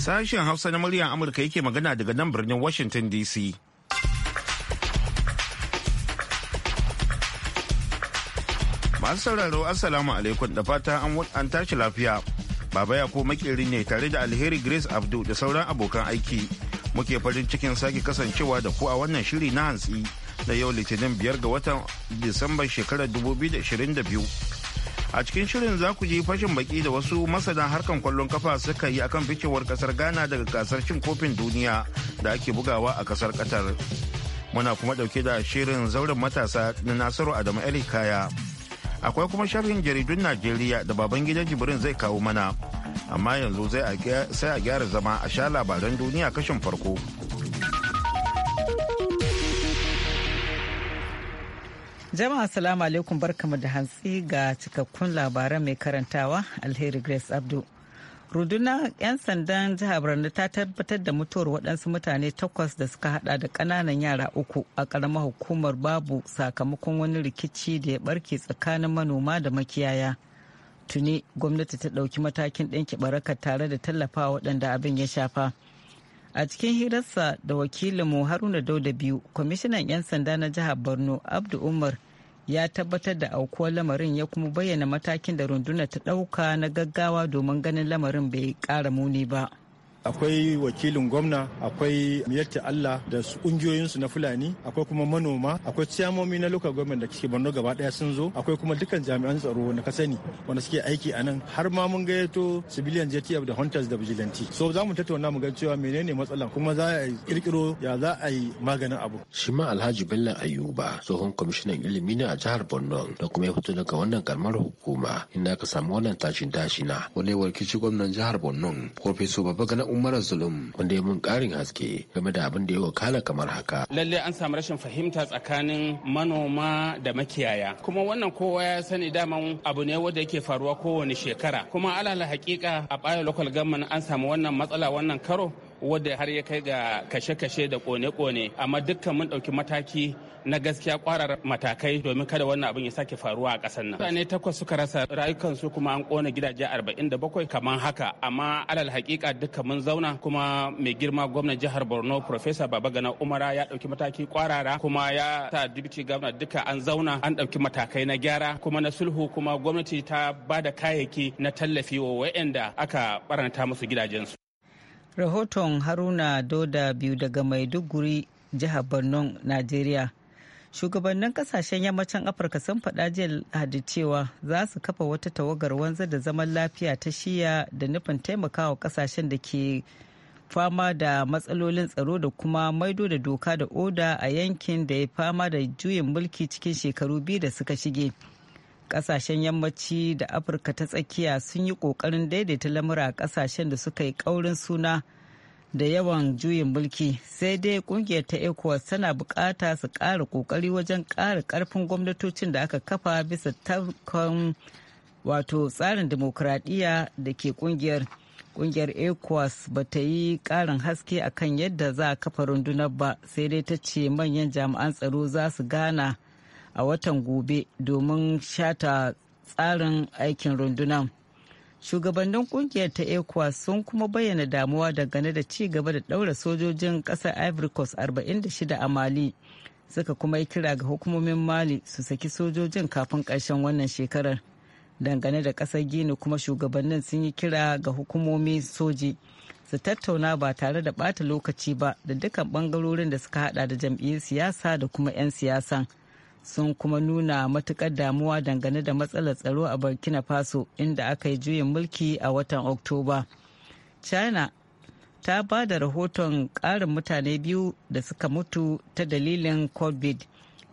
Sashen Hausa na muryar Amurka yake magana daga nan birnin Washington DC. Masu sauraro Assalamu alaikum da fata an tashi lafiya. Baba ya ko makirin ne tare da alheri Grace Abdu da sauran abokan aiki. Muke farin cikin sake kasancewa da ku a wannan shiri na hantsi na yau litinin biyar ga watan Disamba shekarar 2022. a cikin shirin za ku ji fashin baki da wasu masana harkan kwallon kafa suka yi akan ficewar kasar ghana daga gasar cin kofin duniya da ake bugawa a kasar qatar muna kuma dauke da shirin zauren matasa na nasaru adamu ali kaya akwai kuma sharhin jaridun najeriya da baban gidan jibrin zai kawo mana amma yanzu sai a gyara zama a sha labaran duniya kashin farko Jama'a salamu alaikum barkamu da hantsi ga cikakkun labaran mai karantawa Alheri Grace Abdu. Rundunar 'yan sandan jihar birni ta tabbatar da mutuwar waɗansu mutane takwas da suka hada da ƙananan yara uku a ƙaramar hukumar babu sakamakon wani rikici da ya barke tsakanin manoma da makiyaya. Tuni gwamnati ta ɗauki matakin ɗinki barakar tare da tallafa waɗanda abin ya shafa. a cikin hirarsa da wakilin mu haruna dauda biyu kwamishinan 'yan sanda na jihar borno abdu umar ya tabbatar da aukuwar lamarin ya kuma bayyana matakin da runduna ta ɗauka na gaggawa domin ganin lamarin bai kara muni ba akwai wakilin gwamna akwai miyarta Allah da su kungiyoyinsu na Fulani akwai kuma manoma akwai ciyamomi na local government da ke Borno gaba daya sun zo akwai kuma dukkan jami'an tsaro na ka sani wanda suke aiki a nan har ma mun gayyato civilian JTF da hunters da vigilante so za mu tattauna mu ga cewa menene matsalar kuma za a kirkiro ya za a yi maganin abu shi ma Alhaji Bello Ayuba tsohon kwamishinan ilimi ne a jihar Borno da kuma ya fito daga wannan karamar hukuma inda ka samu wannan tashin tashina wani wani warkici gwamnan jihar Borno Professor Babagana umar zulum wanda ya mun ƙarin haske game da abin da ya wakala kamar haka lalle an samu rashin fahimta tsakanin manoma da makiyaya kuma wannan kowa ya sani daman abu ne wanda yake faruwa kowane shekara kuma alal hakika a ɓaya local government an samu wannan matsala wannan karo wadda har ya kai ga kashe-kashe da kone-kone amma dukkan mun ɗauki mataki na gaskiya kwarar matakai domin kada wannan abin ya sake faruwa a ƙasar nan. Mutane takwas suka rasa rayukansu kuma an kona gidaje arba'in da bakwai kamar haka amma alal hakika dukkan mun zauna kuma mai girma gwamnan jihar Borno Professor Babagana Umara ya ɗauki mataki kwarara kuma ya sa dibiti gwamna duka an zauna an ɗauki matakai na gyara kuma na sulhu kuma gwamnati ta ba da kayayyaki na tallafi wa waɗanda aka ɓaranta musu gidajensu. rahoton haruna doda biyu daga maiduguri jihar borno najeriya shugabannin kasashen yammacin afirka sun faɗa jiya lahadi cewa za su kafa wata tawagar wanzar da zaman lafiya ta shiya da nufin taimakawa kasashen da ke fama da matsalolin tsaro da kuma maido da doka da oda a yankin da ya fama da juyin mulki cikin shekaru biyu da suka shige. kasashen yammaci da afirka ta tsakiya sun yi kokarin daidaita lamura a kasashen da suka yi kaurin suna da yawan juyin mulki sai dai kungiyar ta ecowas tana bukata su kara kokari wajen kara karfin gwamnatocin da aka kafa bisa takon wato tsarin demokradiyya da ke kungiyar kungiyar ecowas ba ta yi karin haske akan yadda za a kafa rundunar ba sai dai ta ce manyan jami'an tsaro za su gana a watan gobe domin shata tsarin aikin rundunan shugabannin kungiyar ta ecowas sun kuma bayyana damuwa dangane da ci gaba da daura sojojin kasar ivory coast 46 a mali suka kuma yi kira ga hukumomin mali su saki sojojin kafin karshen wannan shekarar dangane da kasar gini kuma shugabannin sun yi kira ga hukumomin soji su tattauna ba tare da bata lokaci ba da dukkan bangarorin da suka hada da jam'iyyar siyasa da kuma 'yan siyasan. sun kuma nuna matukar damuwa dangane da matsalar tsaro a burkina faso inda aka yi juyin mulki a watan oktoba china ta ba da rahoton karin mutane biyu da suka mutu ta dalilin covid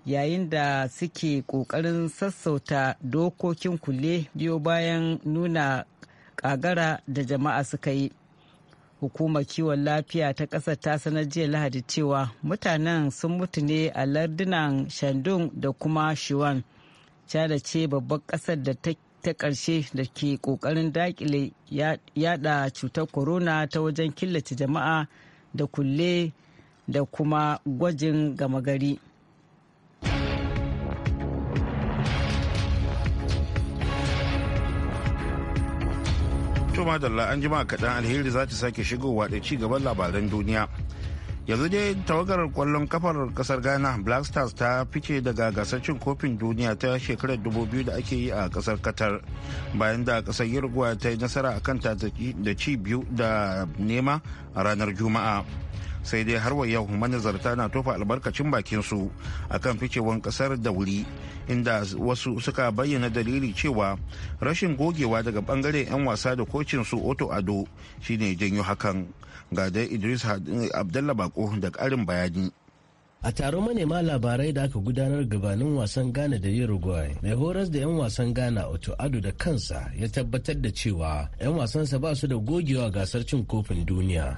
yayin da suke kokarin sassauta dokokin kulle biyo bayan nuna kagara da jama'a suka yi hukumar kiwon lafiya ta ƙasar ta sanar jiya lahadi cewa mutanen sun mutu ne a lardunan shandun da kuma shiwan cada ce babbar ƙasar da ta karshe ƙarshe da ke ƙoƙarin daƙile yada cutar corona ta wajen killace jama'a da kulle da kuma gwajin gama gari To dalla an jima kaɗan alheri za ta sake shigowa da ci gaban labaran duniya. Yanzu dai tawagar kwallon kafar kasar Ghana Black Stars ta fice daga gasar cin kofin duniya ta shekarar 2000 da ake yi a kasar katar bayan da kasar Uruguay ta yi nasara akan ta da ci biyu da nema a ranar Juma'a. sai dai har wa yau manazarta na tofa albarkacin bakin su akan ficewan kasar da wuri inda wasu suka bayyana dalili cewa rashin gogewa daga bangare 'yan wasa da kocin su oto ado shine janyo hakan ga dai idris abdallah bako da karin bayani a taron manema labarai da aka gudanar gabanin wasan ghana da uruguay mai horas da 'yan wasan ghana otu ado da kansa ya tabbatar da cewa 'yan wasansa ba su da gogewa gasar cin kofin duniya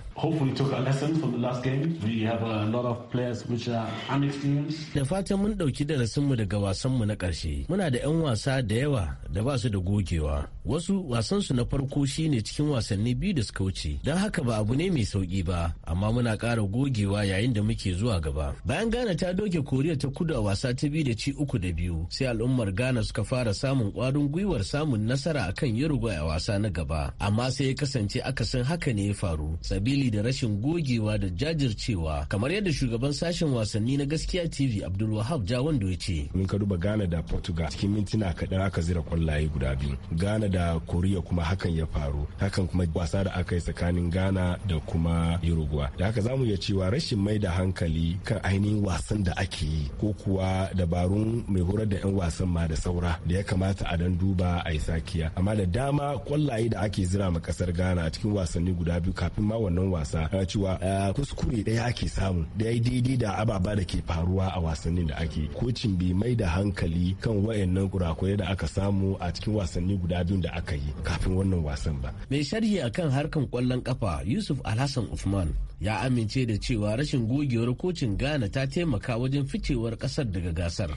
da fatan mun ɗauki darasinmu daga wasanmu na ƙarshe muna da 'yan wasa da yawa da ba su da gogewa wasu wasansu na farko shine cikin wasanni biyu da suka wuce don haka ba abu ne mai sauki ba amma muna ƙara gogewa yayin da muke zuwa gaba bayan ghana ta doke koriya ta kudu a wasa ta biyu da ci uku da biyu sai al'ummar ghana suka fara samun kwarin gwiwar samun nasara a kan uruguay a wasa na gaba amma sai ya kasance akasin haka ne ya faru sabili da rashin gogewa da jajircewa kamar yadda shugaban sashen wasanni na gaskiya tv abdul wahab jawando ya ce mun ka duba ghana da portugal cikin mintuna kaɗan aka zira kwallaye guda biyu ghana da koriya kuma hakan ya faru hakan kuma wasa da aka yi tsakanin ghana da kuma uruguay da haka zamu iya cewa rashin mai da hankali kan ainihin wasan da ake yi ko kuwa dabarun mai horar da 'yan wasan ma da saura da ya kamata a dan duba a yi sakiya amma da dama kwallaye da ake zira ma kasar ghana a cikin wasanni guda biyu kafin ma wannan wasa cewa eh, kuskure ɗaya ake samu da ya daidai da ababa da ke faruwa a wasannin da ake kocin bai mai da hankali kan wayannan kurakure da aka samu a cikin wasanni guda biyu da aka yi kafin wannan wasan ba mai sharhi akan harkan kwallon kafa yusuf alhassan usman ya amince da cewa rashin gogewar kocin ghana ta taimaka wajen ficewar kasar daga gasar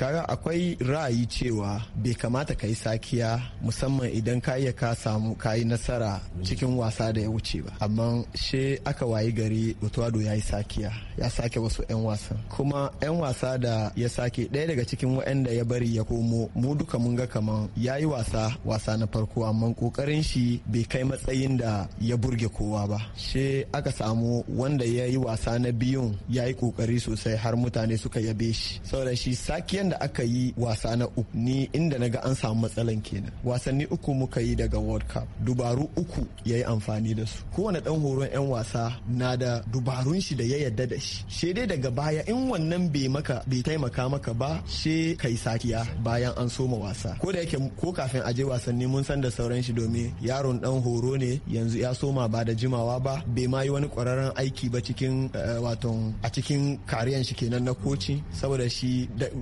kaga akwai ra'ayi cewa bai kamata ka yi sakiya musamman idan ka iya ka samu ka yi nasara cikin wasa da ya wuce ba amma she aka wayi gari otuwado ya yi sakiya ya sake wasu 'yan wasan kuma 'yan wasa da ya sake ɗaya daga cikin waɗanda ya bari ya komo mu duka mun ga kaman ya yi wasa wasa na farko amma kokarin shi bai kai matsayin da ya burge kowa ba she aka samu wanda ya yi wasa na biyun ya yi kokari sosai har mutane suka yabe shi saboda shi sakiyan da aka yi wasa na uku ni inda na ga an samu matsalan kenan wasanni uku muka yi daga world cup dubaru uku ya yi amfani da su kowane dan horon 'yan wasa na da dubarun shi da ya yadda da shi she dai daga baya in wannan bai maka bai taimaka maka ba she kai sakiya bayan an soma wasa ko da yake ko kafin aje wasanni mun san da sauran shi domin yaron dan horo ne yanzu ya soma ba da jimawa ba bai ma yi wani kwararren aiki ba cikin eh, wato a cikin kariyan shi kenan na koci saboda shi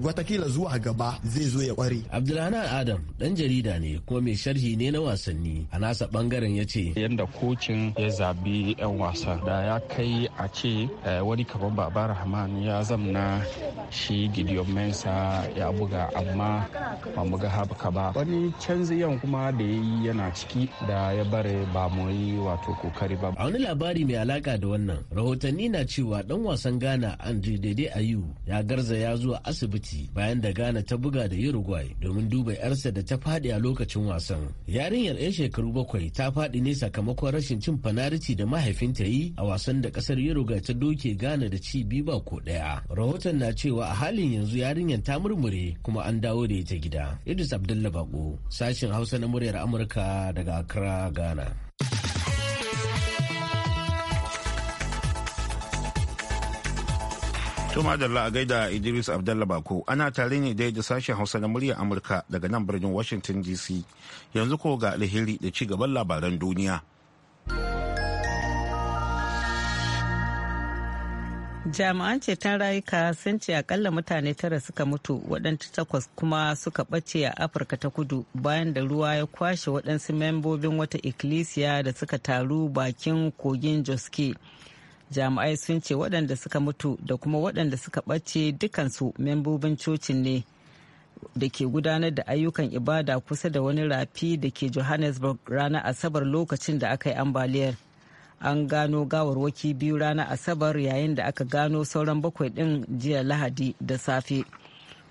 watakila kila zuwa gaba zai zo ya kware. Abdulhanan Adam dan jarida ne kuma mai sharhi ne na wasanni a nasa bangaren ya ce. Yanda kocin ya zabi 'yan wasa da ya kai a ce eh, wani kamar Baba Rahman ya zamna shi gidiyon Mensa ya buga amma ba mu ga haka ba. Wani yan kuma da ya yi yana ciki da ya bare ba mu yi wato kokari ba. A wani labari mai alaka da wannan rahotanni na cewa dan wasan Ghana Andre Dede Ayu ya garza ya zuwa asibiti bayan da Ghana ta buga da Uruguay domin duba yarsa da ta faɗi a lokacin wasan. Yarinyar 'yan shekaru bakwai ta faɗi ne sakamakon rashin cin fanariti da mahaifinta yi a wasan da ƙasar Uruguay ta doke Ghana da ci biyu ba ko ɗaya. Rahoton na cewa a halin yanzu yarinyar ta murmure kuma an dawo da ita gida. Idris Abdullahi Bako, sashin Hausa na muryar Amurka daga Accra, Ghana. Tuma da a gaida Idris Abdalla Bako ana tare ne dai da sashen Hausa na muryar Amurka daga nan birnin Washington DC. Yanzu ko ga alheri da ci gaban labaran duniya. Jami'an ceton rayuka sun ce akalla mutane tara suka mutu waɗanta takwas kuma suka ɓace a Afirka ta kudu bayan da ruwa ya kwashe waɗansu membobin wata ikkilisiya da suka taru bakin kogin Joske. jami'ai sun ce waɗanda suka mutu da kuma waɗanda suka ɓace dukansu membobin cocin ne da ke gudanar da ayyukan ibada kusa da wani rafi da ke johannesburg ranar asabar lokacin da aka yi ambaliyar an gano gawarwaki biyu ranar asabar yayin da aka gano sauran bakwai ɗin jiya lahadi da safe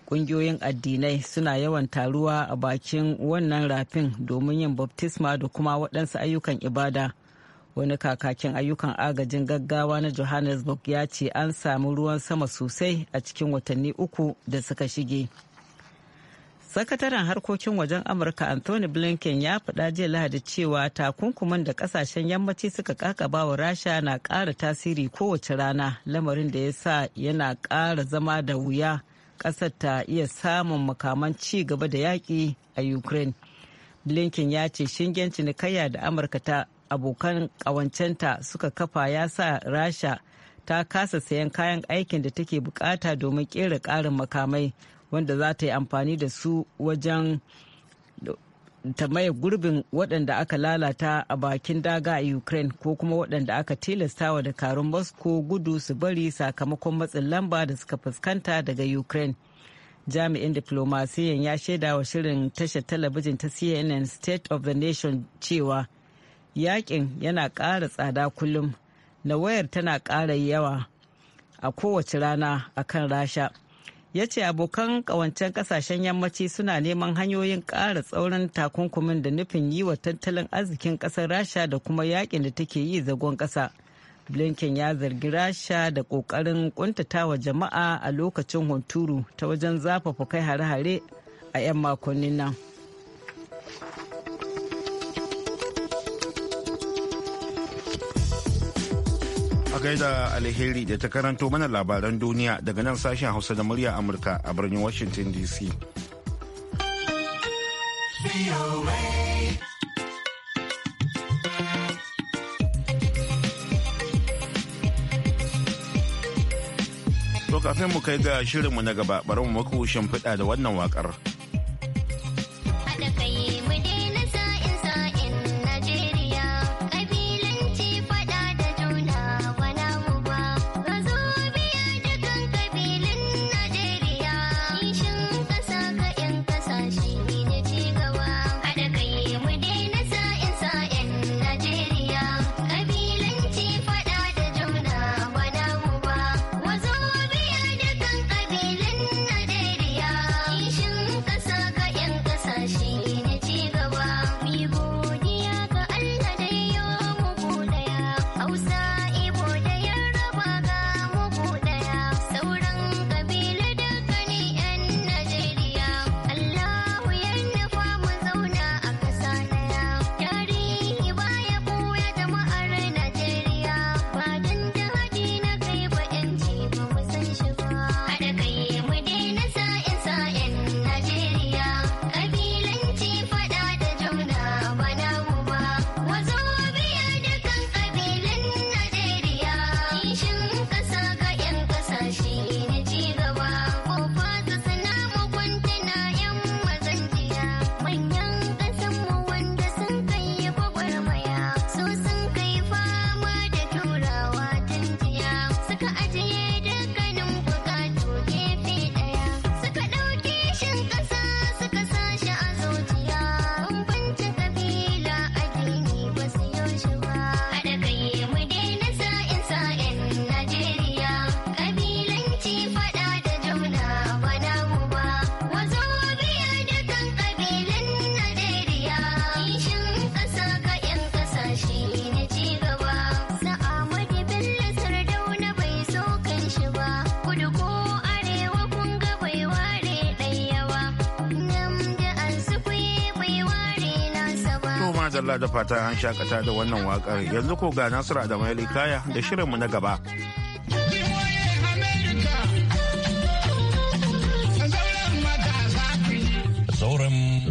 ƙungiyoyin addinai suna yawan taruwa a bakin wannan rafin domin yin baptisma da kuma waɗansu ayyukan ibada. wani kakakin ayyukan agajin gaggawa na johannesburg ya ce an samu ruwan sama sosai a cikin watanni uku da suka shige sakataren harkokin wajen amurka anthony blinken ya faɗa jiya lahadi cewa takunkuman da kasashen yammaci suka kakaba bawa rasha na ƙara tasiri kowace rana lamarin da ya sa yana ƙara zama da wuya ƙasar ta iya samun makaman ci gaba da yaƙi a ukraine blinken ya ce shingen cinikayya da amurka ta abokan ƙawancenta suka kafa ya sa rasha ta kasa sayan kayan aikin da take bukata domin kera ƙarin makamai wanda za ta yi amfani da su wajen ta maye gurbin waɗanda aka lalata a bakin daga a ukraine ko kuma waɗanda aka tilastawa da karun moscow gudu su bari sakamakon matsin lamba da suka fuskanta daga ukraine jami'in diplomasiyan ya shaida wa shirin tashar talabijin ta cnn state of the nation cewa yakin yana ƙara tsada kullum na wayar tana ƙara yawa a kowace rana a kan rasha ya ce abokan ƙawancen ƙasashen yammaci suna neman hanyoyin ƙara tsaurin takunkumin da nufin yi wa tattalin arzikin ƙasar rasha da kuma yakin da take yi zagon ƙasa blinken ya zargi rasha da ƙoƙarin ƙuntatawa jama'a a lokacin hunturu ta wajen zafafa kai hare-hare a 'yan makonnin nan. A gaida alheri da ta karanto mana labaran duniya daga nan sashen Hausa da murya Amurka a birnin Washington DC. To kafin mu kai ga shirinmu na gaba bari mu maku shimfiɗa da wannan waƙar. zalla da fatan an shakata da wannan waƙar yanzu ko ga nasiru da mai kaya da shirinmu na gaba.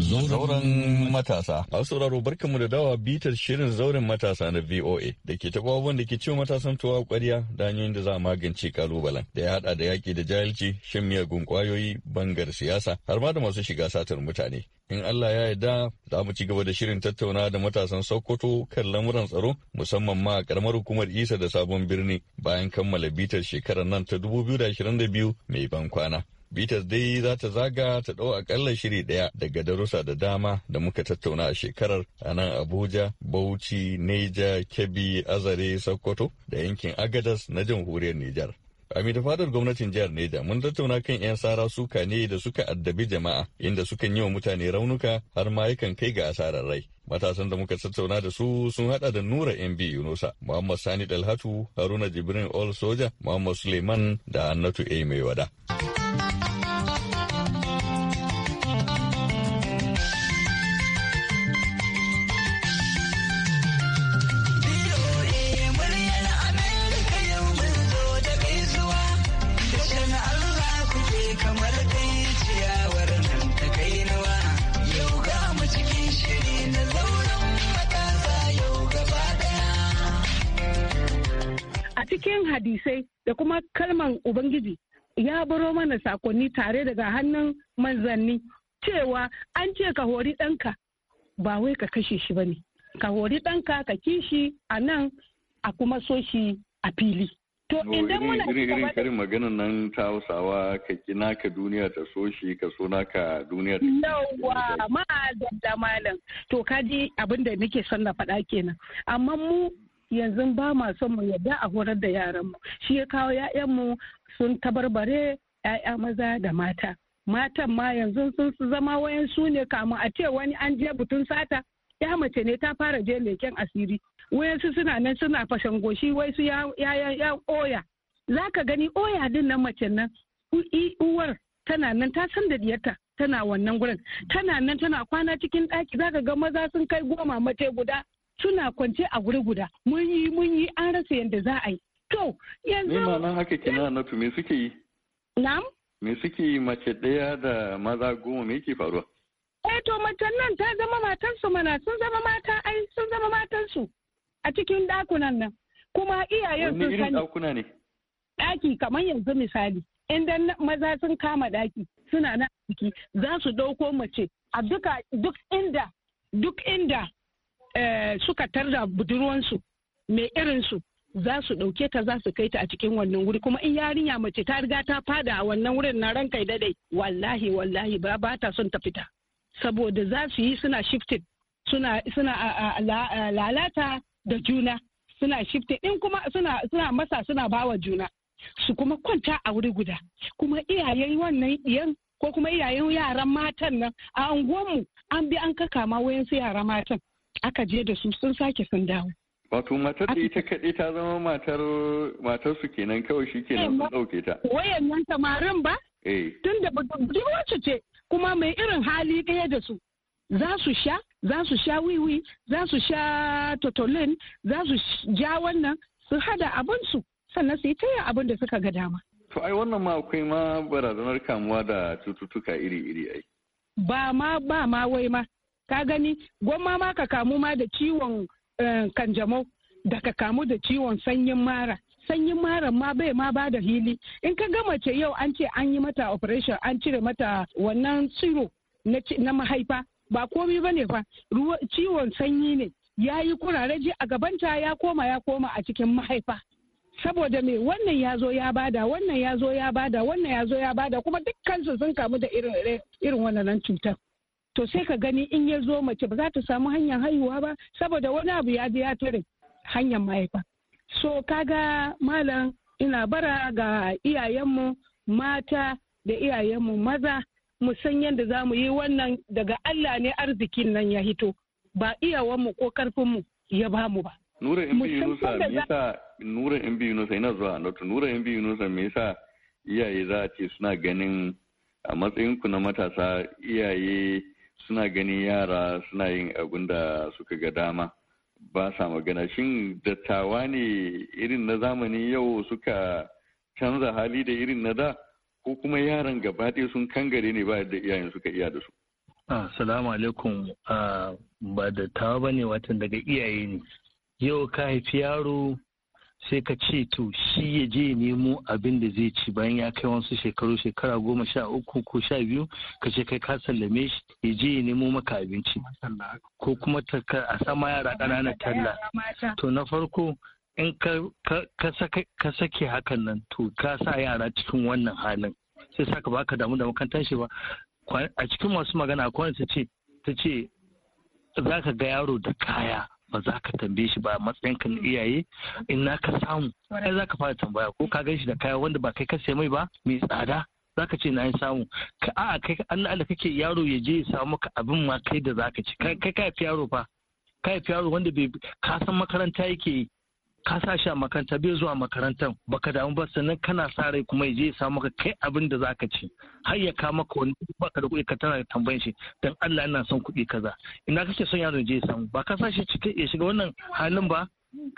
Zauren matasa. A sauraro mu da dawa bitar shirin zauren matasa na VOA da ke taɓa abubuwan da ke ciwo matasan tuwa ƙwarya da hanyoyin da za a magance kalubalen da ya haɗa da yaƙi da jahilci, shan miyagun ƙwayoyi, bangar siyasa, har ma da masu shiga satar mutane. In Allah ya yarda za mu ci gaba da shirin tattauna da matasan Sokoto kan lamuran tsaro musamman ma a ƙaramar hukumar Isa da sabon birni bayan kammala bitar shekarar nan ta 2022 mai ban kwana. Bitas dai za ta zaga ta ɗau akalla shiri ɗaya daga darussa da dama da muka tattauna a shekarar a nan Abuja, Bauchi, Neja, Kebbi, Azare, Sokoto da yankin Agadas na jamhuriyar Nijar. A da fadar gwamnatin jihar Neja mun tattauna kan 'yan sara suka ne da suka addabi jama'a inda sukan yi wa mutane raunuka har ma yakan kai ga asarar rai. Matasan da muka tattauna da su sun hada da Nura MB Yunusa, Muhammad Sani Dalhatu, Haruna Jibrin all Soja, Muhammad Suleiman da Hannatu A. Mai wada. cikin hadisai da kuma kalman ubangiji ya baro mana sakonni tare daga hannun manzanni cewa an ce ka hori ɗanka ba wai ka kashe shi ba ne ka hori ɗanka ka kishi a nan a kuma so shi a fili to idan muna irin karin maganin nan ta hausawa ka kina ka duniya ta so shi ka so naka duniya ta yawa ma da malam to kaji abin da nake son na faɗa kenan amma mu yanzu ba ma son mu yadda a horar da yaran mu shi ya kawo mu sun tabarbare yaya maza da mata matan ma yanzu sun su zama wayan su ne kamu a ce wani an je butun sata ya mace ne ta fara je leken asiri wayansu suna nan suna fashan goshi wai su ya 'oya. oya zaka gani oya din nan mace nan uwar tana nan ta san da diyarta tana wannan gurin tana nan tana kwana cikin ɗaki zaka ga maza sun kai goma mace guda suna kwance a guri guda mun yi mun yi an rasa yadda za a yi to yanzu ma nan haka kina na me suke yi na'am me suke yi mace ɗaya da maza goma me yake faruwa eh to macen nan ta zama matansu mana sun zama mata ai sun zama su a cikin dakunan nan kuma iyayen sun sani dakuna ne daki kamar yanzu misali idan maza sun kama daki suna na ciki za su dauko mace a duka duk inda duk inda Eh, suka tarda budurwansu mai irinsu za su ɗauke ta za su kai ta a cikin wannan wuri kuma in yarinya mace ta riga ta fada a wannan wurin na rankai dadai wallahi wallahi ba ba ta son ta fita saboda za su yi suna shifted suna suna lalata da juna suna shifted in kuma suna masa suna bawa juna su kuma kwanta a wuri guda kuma iyayen wannan iyan ko kuma iyayen yaran matan nan a unguwanmu an bi an kaka ma wayansu yaran matan aka je da su sun sake sun dawo wato matar da ita kaɗai ta zama matar matar su kenan kawai shi kenan sun ɗauke ta wayannan samarin ba eh. tun da budurwarci ce kuma mai irin hali ɗaya da su za su sha za su sha wiwi za su sha totolin za su ja wannan su hada abinsu sannan su yi taya abin da suka ga dama to ai wannan ma akwai ma barazanar kamuwa da cututtuka iri-iri ai ba ma ba ma wai ma ka gani gwamma ma ka kamu ma da ciwon eh, kanjamau da ka kamu da ciwon sanyin mara sanyin mara ma bai ma ba da hili in ka gama ce yau an ce an yi mata operation an cire mata wannan tsiro na mahaifa ba komi ba ne fa ciwon sanyi ne ya yi kurareji a gabanta ya koma ya koma a cikin mahaifa saboda me wannan ya zo ya bada wannan ya zo ya bada wannan ya zo ya bada kuma dukkansu sun kamu da irin wannan cutar to sai ka gani in ya zo mace ba za ta samu hanyar haihuwa ba saboda wani abu ya je ya tare hanyar mahaifa so kaga malam ina bara ga iyayenmu mata da iyayenmu maza mu san yadda za mu yi wannan daga Allah ne arzikin nan ya hito ba iyawanmu ko karfinmu ya ba. Nura in yasa Nura in zuwa Nura in me yasa iyaye za a ce suna ganin a matsayinku na matasa iyaye suna ganin yara suna yin abin da suka ga dama ba sa magana shin dattawa ne irin na zamani yau suka canza hali da irin na da ko kuma yaran gaba ɗaya sun kangare ne ba da iyayen suka iya da su Assalamu ah, alaikum ah, ba dattawa ba ne watan daga iyaye ne yau ka haifi yaro sai ka ce to shi ya je nemo abin da zai ci bayan ya kai wasu shekaru shekara goma sha uku ko sha biyu ka ce kai ka sallame shi ya je ya nemo maka abinci ko kuma a sama yara ƙanana talla to na farko in ka sake hakan nan to ka sa yara cikin wannan halin sai saka ba ka damu da makantar shi ba a cikin masu magana akwai ta ta ce za ka ga yaro da kaya ba za ka tambaye shi ba matsayinka na mm. iyaye in na ka samu ai za ka fara tambaya ko ka gan shi da kaya wanda ba kai ka sai mai ba mai tsada Za ka ce na yi samu ka a kai kake yaro ya je ya samu maka abin ma kai da za ka ci kai kai fi yaro fa kai fi yaro wanda bai ka makaranta yake yi. ka sa shi a makaranta bai zuwa makarantar baka damu ba sannan kana sa rai kuma ya je ya samu maka kai abin da zaka ci har ya ka maka wani baka da kuɗi ka tana tambayan shi dan Allah ina son kuɗi kaza ina kake son yaron je ya samu ba ka sa shi cike ya shiga wannan halin ba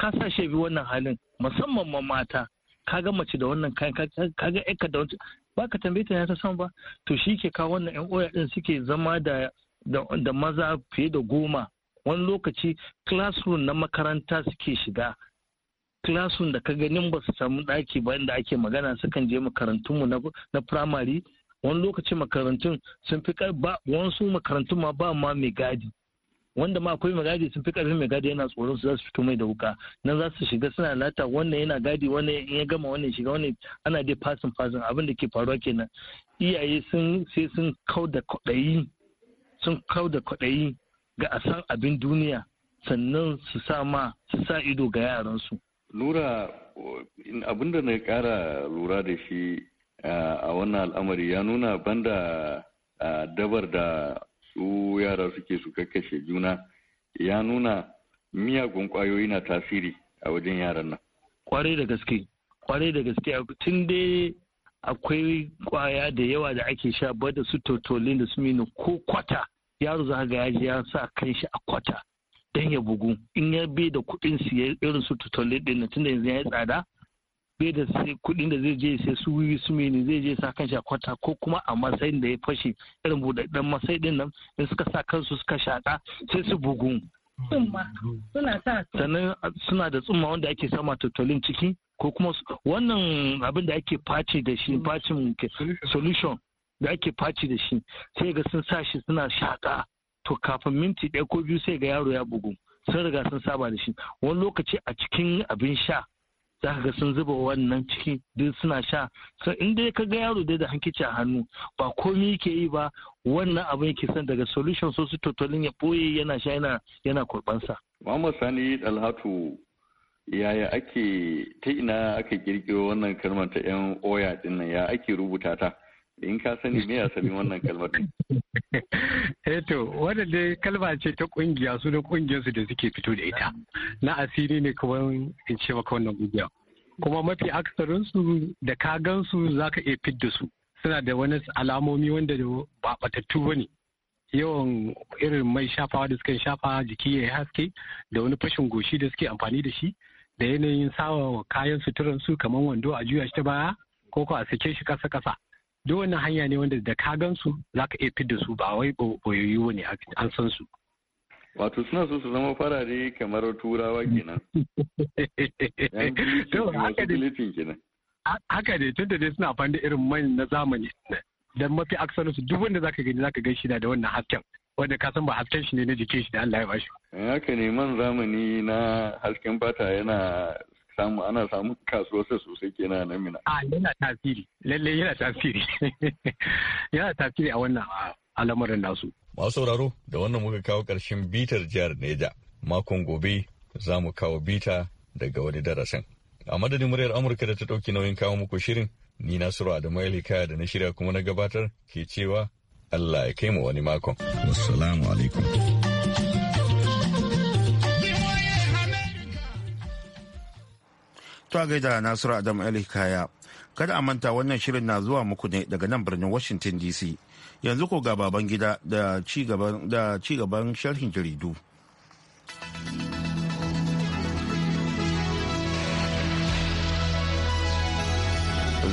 ka sa shi bi wannan halin musamman ma mata kaga mace da wannan kayan kaga ka da wancan ba ka tambaye ta ya ta san ba to shi ke kawo wannan yan oya din suke zama da da maza fiye da goma wani lokaci classroom na makaranta suke shiga klasun da ka ganin ba su samu ɗaki ba inda ake magana sukan je makarantunmu na firamare wani lokaci makarantun sun fi ba wasu makarantun ma ba ma mai gadi wanda ma akwai magadi sun fi karfin gadi yana tsoron su za su fito mai da wuka nan za su shiga suna lata wannan yana gadi wannan ya gama wannan shiga wannan ana dai fasin fasin abin da ke faruwa kenan iyaye sun sai sun kau da kwaɗayi sun kau da kwaɗayi ga san abin duniya sannan su sa ma su sa ido ga yaransu Nura abinda na kara lura da shi a wannan al'amari ya nuna banda dabar da su yara suke su kakkashe juna ya nuna miyagun kwayoyi na tasiri a wajen yaran nan. Kwarai da gaske, kwarai da gaske tun dai akwai kwaya da yawa da ake sha bada su totolin da su ko kwata yaro za ga ya ya sa kan shi a kwata don ya bugu in ya bi da kuɗin siya irin su tutole din tun da yanzu ya yi tsada bai da kuɗin da zai je sai su wiwi su mene zai je sa kanshi a kwata ko kuma a matsayin da ya fashe irin buɗaɗɗen matsayi din nan in suka sa kansu suka shaka sai su bugu. sannan suna da tsumma wanda ake sama tattalin ciki ko kuma wannan abin da ake face da shi facin solution da ake faci da shi sai ga sun sa shi suna shaka to kafin minti ɗaya ko biyu sai ga yaro ya bugu sun riga sun saba da shi wani lokaci a cikin abin sha za ka ga sun zuba wannan ciki duk suna sha sun in dai ka ga yaro dai da hankici a hannu ba komi yake yi ba wannan abin yake son daga solution so su totolin ya boye yana sha yana yana kurbansa Muhammad Sani Dalhatu yaya ake ta ina aka kirkiro wannan kalmar ta yan oya dinnan ya ake rubuta ta in ka sani me sani wannan kalmar ne. Eh to wanda dai kalma ce ta kungiya su da kungiyarsu da suke fito da ita na asiri ne kuma in ce maka wannan kungiya kuma mafi aksarinsu da ka gan su zaka iya fidda su suna da wani alamomi wanda ba batattu bane yawan irin mai shafawa da suke shafa jiki ya yi haske da wani fashin goshi da suke amfani da shi da yanayin sawa kayan suturan kamar wando a juya shi ta baya ko ko a sake shi kasa kasa duk wannan hanya ne wanda da ka gan su za ka iya fidda su ba wai boyoyi wani an san su wato suna so su zama farare kamar turawa kenan haka ne tunda dai suna fanda irin man na zamani dan mafi aksanin su duk wanda zaka gani zaka gani shi da wannan hasken wanda ka san ba hasken shi ne na jikin shi da Allah ya bashi haka ne man zamani na hasken fata yana samu ana samun kasuwarsa sosai kenan nan mina. A yana tasiri, lalle yana tasiri. yana tasiri a wannan al'amarin nasu. Masu sauraro da wannan muka kawo karshen bitar jihar Neja. Makon gobe za mu kawo bita daga wani darasin. A madadin muryar Amurka da ta ɗauki nauyin kawo muku shirin, ni Nasiru Adamu Elikaya da na shirya kuma na gabatar ke cewa Allah ya kai mu wani makon. salamu alaikum. To gaida Nasiru Adam Ali Kaya. Kada a manta wannan shirin na zuwa muku ne daga nan birnin Washington DC. Yanzu ko ga baban gida da ci gaban sharhin jaridu.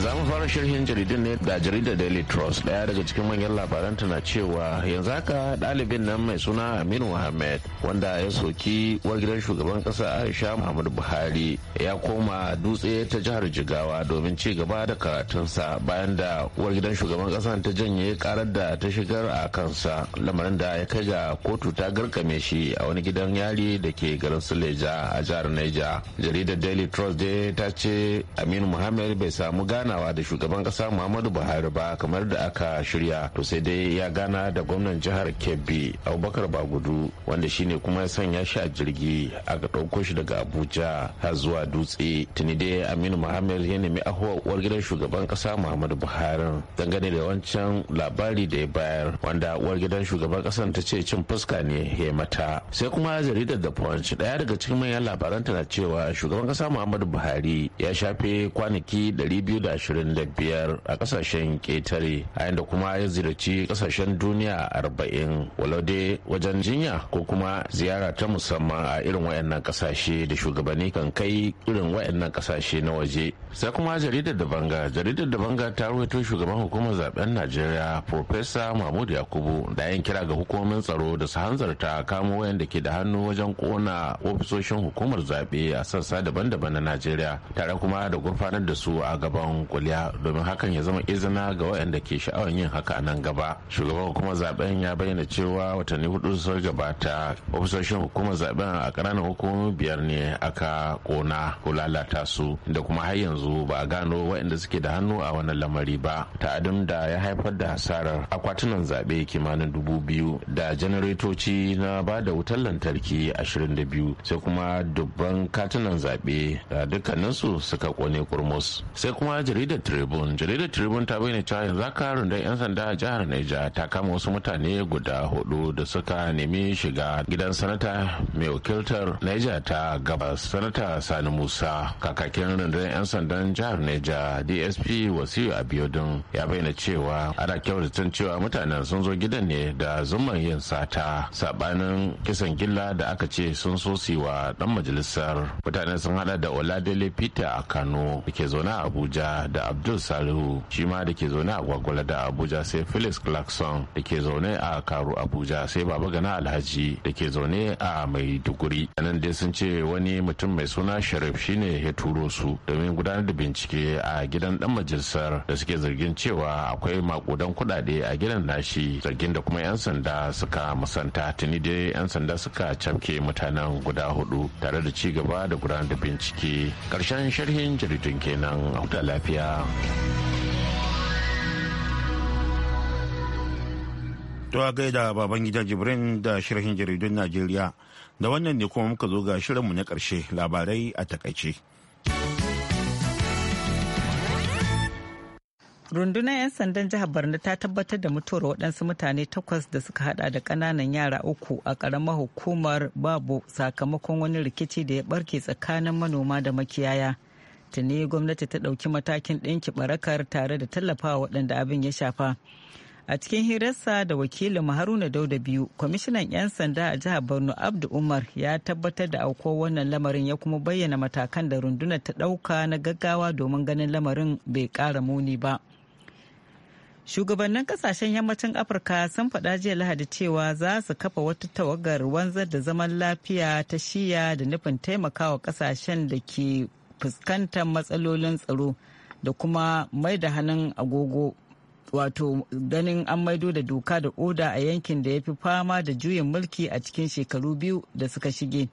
za mu fara shirhin jaridun ne da jaridar daily trust daya daga cikin manyan labaran na cewa yanzu haka ɗalibin nan mai suna aminu muhammad wanda ya soki gidan shugaban kasa aisha muhammadu buhari ya koma dutse ta jihar jigawa domin ci gaba da karatunsa bayan da gidan shugaban ƙasa ta janye karar da ta shigar a kansa lamarin da ya kai ga kotu ta garkame shi a wani gidan yari da ke garin suleja a jihar niger jaridar daily trust dai ta ce aminu muhammad bai samu gana ganawa da shugaban kasa muhammadu buhari ba kamar da aka shirya to sai dai ya gana da gwamnan jihar kebbi abubakar bagudu wanda shine kuma ya sanya shi a jirgi aka ɗauko shi daga abuja har zuwa dutse tuni dai aminu muhammad ya nemi ahuwar gidan shugaban kasa muhammadu buhari dangane da wancan labari da ya bayar wanda uwar gidan shugaban kasan ta ce cin fuska ne ya mata sai kuma jaridar da punch daya daga cikin manyan labaranta na cewa shugaban kasa muhammadu buhari ya shafe kwanaki ashirin da biyar a kasashen ƙetare a yadda kuma ya ziyarci kasashen duniya arba'in walaude wajen jinya ko kuma ziyara ta musamman a irin wayannan kasashe da shugabanni kan kai irin wayannan kasashe na waje sai kuma jaridar da banga jaridar da banga ta ruwaito shugaban hukumar zaben najeriya profesa mahmud yakubu da yin kira ga hukumomin tsaro da su hanzarta kamo wayanda ke da hannu wajen kona ofisoshin hukumar zaɓe a sassa daban-daban na najeriya tare kuma da gurfanar da su a gaban kwalliya domin hakan ya zama izina ga waɗanda ke sha'awar yin haka a nan gaba shugaban hukumar zaben ya bayyana cewa watanni hudu sun gabata ofisoshin hukumar zaben a ƙananan hukumomi biyar ne aka kona ko lalata su da kuma har yanzu ba a gano waɗanda suke da hannu a wannan lamari ba ta'adin da ya haifar da hasarar akwatunan zaɓe kimanin dubu biyu da janaretoci na ba da wutar lantarki ashirin da biyu sai kuma dubban katunan zaɓe da dukkaninsu suka kone kurmus sai kuma jirgin jaridar tribune jaridar tribune ta bayyana cewa yanzu haka rundun yan sanda a jihar Niger ta kama wasu mutane guda hudu da suka nemi shiga gidan sanata mai wakiltar Niger ta gabas sanata sani musa kakakin rundun yan sandan jihar Niger, dsp wasiyu abiodun ya bayyana cewa ana kyautatan cewa mutanen sun zo gidan ne da zuman yin sata sabanin kisan gilla da aka ce sun so wa dan majalisar mutanen sun hada da oladele peter a kano da ke zaune a abuja da abdul salihu shi ma da ke zaune a gwagwala da abuja sai felix clarkson da ke zaune a karu abuja sai baba gana alhaji da ke zaune a maiduguri nan dai sun ce wani mutum mai suna sharif shine ya turo su domin gudanar da bincike a gidan dan majalisar da suke zargin cewa akwai makudan kuɗaɗe a gidan nashi zargin da kuma 'yan sanda suka musanta tuni dai 'yan sanda suka cafke mutanen guda hudu tare da ci gaba da gudanar da bincike karshen sharhin jaridun kenan a lafiya lafiya. To a gaida baban gida Jibrin da shirin jaridun Najeriya da wannan ne kuma muka zo ga shirinmu na ƙarshe labarai a takaice. rundunar 'yan sandan jihar borno ta tabbatar da mutuwar waɗansu mutane takwas da suka hada da ƙananan yara uku a ƙaramar hukumar babu sakamakon wani rikici da ya barke tsakanin manoma da makiyaya ne gwamnati ta ɗauki matakin ɗinki barakar tare da tallafawa waɗanda abin ya shafa a cikin hirarsa da wakilin haruna dauda biyu kwamishinan 'yan sanda a jihar borno abdu umar ya tabbatar da auko wannan lamarin ya kuma bayyana matakan da rundunar ta ɗauka na gaggawa domin ganin lamarin bai ƙara muni ba shugabannin kasashen yammacin afirka sun faɗa jiya lahadi cewa za su kafa wata tawagar wanzar da zaman lafiya ta shiya da nufin taimakawa kasashen da ke fuskantar matsalolin tsaro da kuma mai da hannun agogo wato ganin an maido da doka da oda a yankin da ya fi fama da juyin mulki a cikin shekaru biyu da suka shige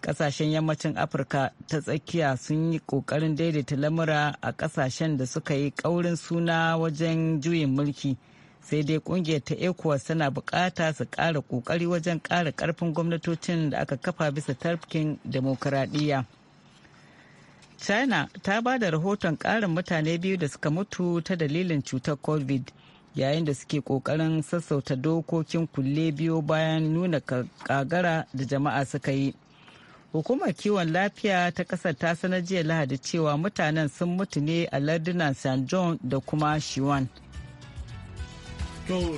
kasashen yammacin afirka ta tsakiya sun yi kokarin daidaita lamura a kasashen da suka yi kaurin suna wajen juyin mulki sai dai kungiyar ta ecowas tana bukata su kara kokari wajen kara karfin gwamnatocin da aka kafa bisa tarfkin demokuraɗiyya. china ta ba da rahoton karin mutane biyu da suka mutu ta dalilin cutar covid yayin da suke kokarin sassauta dokokin kulle biyu bayan nuna kagara da jama'a suka yi hukumar kiwon lafiya ta kasar ta sanar jiya lahadi cewa mutanen sun mutu ne a lardunan san john da kuma shiwan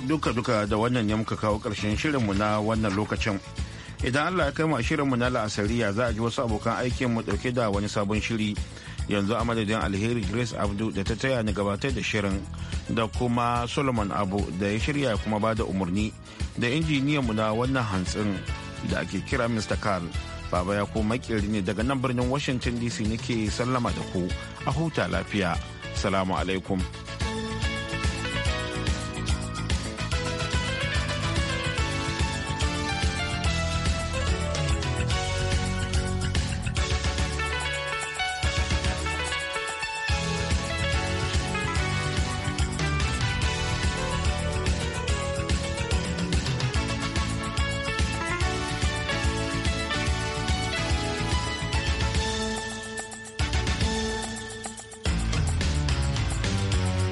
duka-duka da wannan ya muka kawo ƙarshen shirinmu na wannan lokacin idan allah ya kai mu shirinmu na la'asariya za a ji wasu abokan aikin mu dauke da wani sabon shiri yanzu a madadin alheri grace abdu da ta taya ni gabatar da shirin da kuma solomon abu da ya shirya kuma ba da umarni da mu na wannan hantsin da ake kira mr carl baba ya ko makeri ne daga nan birnin washington dc nake sallama da ku a huta lafiya salamu alaikum